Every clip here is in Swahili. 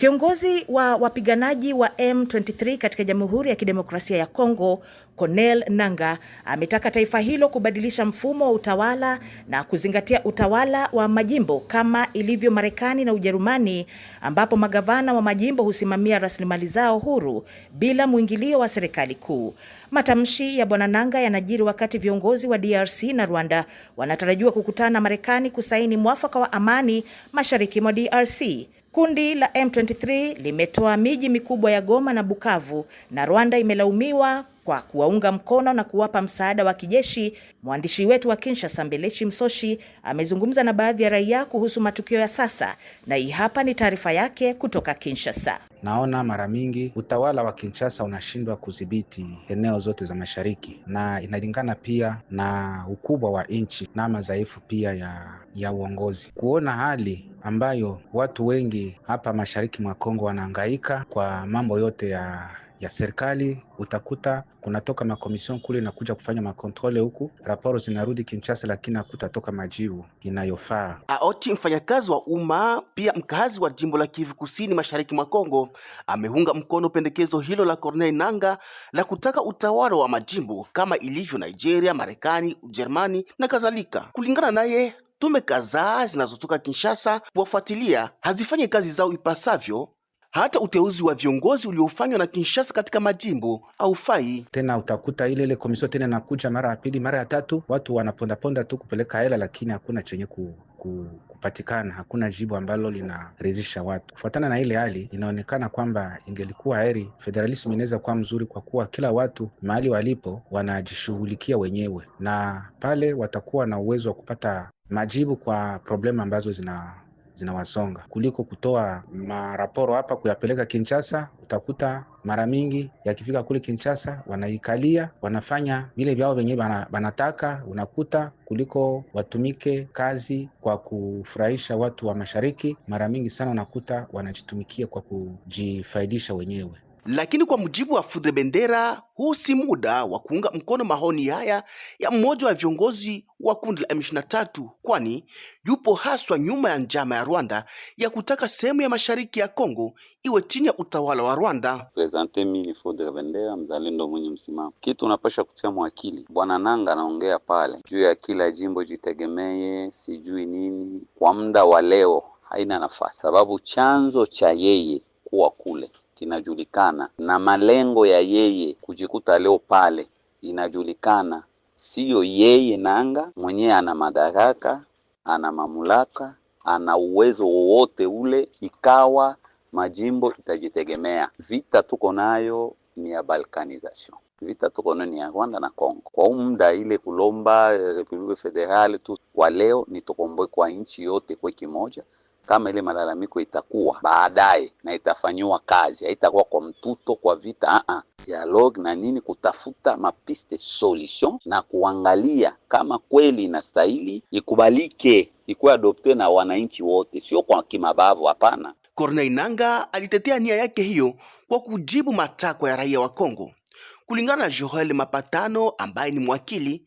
Kiongozi wa wapiganaji wa M23 katika Jamhuri ya Kidemokrasia ya Kongo, Cornel Nanga, ametaka taifa hilo kubadilisha mfumo wa utawala na kuzingatia utawala wa majimbo kama ilivyo Marekani na Ujerumani, ambapo magavana wa majimbo husimamia rasilimali zao huru bila mwingilio wa serikali kuu. Matamshi ya Bwana Nanga yanajiri wakati viongozi wa DRC na Rwanda wanatarajiwa kukutana Marekani kusaini mwafaka wa amani mashariki mwa DRC. Kundi la M23 limetoa miji mikubwa ya Goma na Bukavu na Rwanda imelaumiwa kwa kuwaunga mkono na kuwapa msaada wa kijeshi. Mwandishi wetu wa Kinshasa, Mbelechi Msoshi, amezungumza na baadhi ya raia kuhusu matukio ya sasa na hii hapa ni taarifa yake kutoka Kinshasa. Naona mara mingi utawala wa Kinshasa unashindwa kudhibiti eneo zote za mashariki, na inalingana pia na ukubwa wa nchi na madhaifu pia ya, ya uongozi. Kuona hali ambayo watu wengi hapa mashariki mwa Kongo wanaangaika kwa mambo yote ya ya serikali, utakuta kunatoka makomision kule na kuja kufanya makontrole huku, raporo zinarudi Kinshasa, lakini hakutatoka majibu inayofaa. Aoti, mfanyakazi wa umma pia mkazi wa jimbo la Kivu Kusini mashariki mwa Kongo, ameunga mkono pendekezo hilo la Corneille Nanga la kutaka utawala wa majimbo kama ilivyo Nigeria, Marekani, Ujerumani na kadhalika. Kulingana naye, tume kadhaa zinazotoka Kinshasa kuwafuatilia hazifanyi kazi zao ipasavyo hata uteuzi wa viongozi uliofanywa na Kinshasa katika majimbo fai tena. Utakuta ile ile komisio tena inakuja mara ya pili, mara ya tatu, watu wanapondaponda tu kupeleka hela, lakini hakuna chenye ku kupatikana hakuna jibu ambalo linaridhisha watu. Kufuatana na ile hali, inaonekana kwamba ingelikuwa heri federalism inaweza kuwa mzuri, kwa kuwa kila watu mahali walipo wanajishughulikia wenyewe, na pale watakuwa na uwezo wa kupata majibu kwa problemu ambazo zina zinawasonga kuliko kutoa maraporo hapa kuyapeleka Kinshasa. Utakuta mara mingi yakifika kule Kinshasa wanaikalia wanafanya vile vyao vyenyewe wanataka, unakuta kuliko watumike kazi kwa kufurahisha watu wa mashariki, mara mingi sana unakuta wanajitumikia kwa kujifaidisha wenyewe. Lakini kwa mujibu wa Fudre Bendera, huu si muda wa kuunga mkono maoni haya ya mmoja wa viongozi wa kundi la M23, kwani yupo haswa nyuma ya njama ya Rwanda ya kutaka sehemu ya mashariki ya Kongo iwe chini ya utawala wa Rwanda. Presente ni Fudre Bendera, mzalendo mwenye msimamo. Kitu unapasha kutia mwakili, bwana Nanga anaongea pale juu ya kila jimbo jitegemee, sijui nini, kwa muda wa leo haina nafasi, sababu chanzo cha yeye kuwa kule kinajulikana na malengo ya yeye kujikuta leo pale inajulikana, siyo yeye nanga mwenyewe ana madaraka, ana mamlaka, ana uwezo wowote ule, ikawa majimbo itajitegemea. Vita tuko nayo ni ya balkanization vita tuko nayo ni ya Rwanda na Congo kwa muda ile kulomba eh, republika federale tu. Kwa leo ni tukomboe kwa nchi yote kwa kimoja kama ile malalamiko itakuwa baadaye na itafanyiwa kazi, haitakuwa kwa mtuto, kwa vita a dialogue na nini, kutafuta mapiste solution na kuangalia kama kweli inastahili ikubalike, ikuwe adopte na wananchi wote, sio kwa kimabavu, hapana. Corneille Nangaa alitetea nia yake hiyo kwa kujibu matakwa ya raia wa Kongo. Kulingana na Joel Mapatano ambaye ni mwakili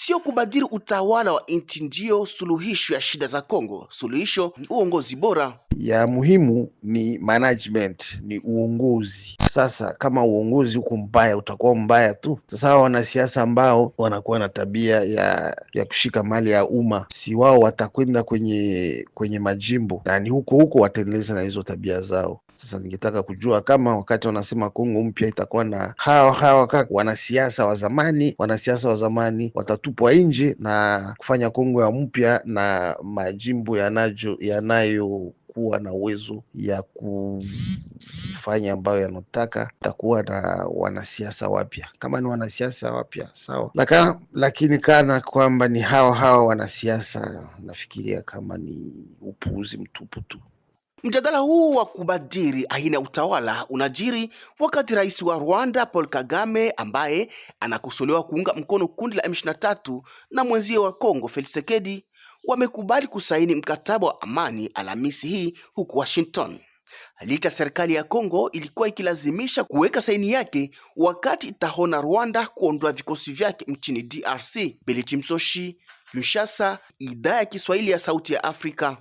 Sio kubadili utawala wa nchi ndio suluhisho ya shida za Kongo. Suluhisho ni uongozi bora. Ya muhimu ni management, ni uongozi. Sasa kama uongozi huko mbaya, utakuwa mbaya tu. Sasa hawa wanasiasa ambao wanakuwa na tabia ya ya kushika mali ya umma, si wao watakwenda kwenye kwenye majimbo na ni huko huko wataendeleza na hizo tabia zao. Sasa ningetaka kujua kama wakati wanasema Kongo mpya itakuwa na hawa hawa kaka wanasiasa wa zamani, wanasiasa wa zamani watatupwa nje na kufanya Kongo ya mpya na majimbo yanayo yanayo kuwa na uwezo ya kufanya ambayo yanataka, itakuwa na wanasiasa wapya. Kama ni wanasiasa wapya sawa, Laka, lakini kana kwamba ni hawa hawa wanasiasa, nafikiria kama ni upuuzi mtupu tu. Mjadala huu wa kubadili aina ya utawala unajiri wakati rais wa Rwanda Paul Kagame ambaye anakosolewa kuunga mkono kundi la M23 na mwenzie wa Kongo Felix Tshisekedi wamekubali kusaini mkataba wa amani Alhamisi hii huku Washington. Licha serikali ya Kongo ilikuwa ikilazimisha kuweka saini yake wakati itahona Rwanda kuondoa vikosi vyake nchini DRC. Belechi Msoshi, Kinshasa, Idhaa ya Kiswahili ya Sauti ya Afrika.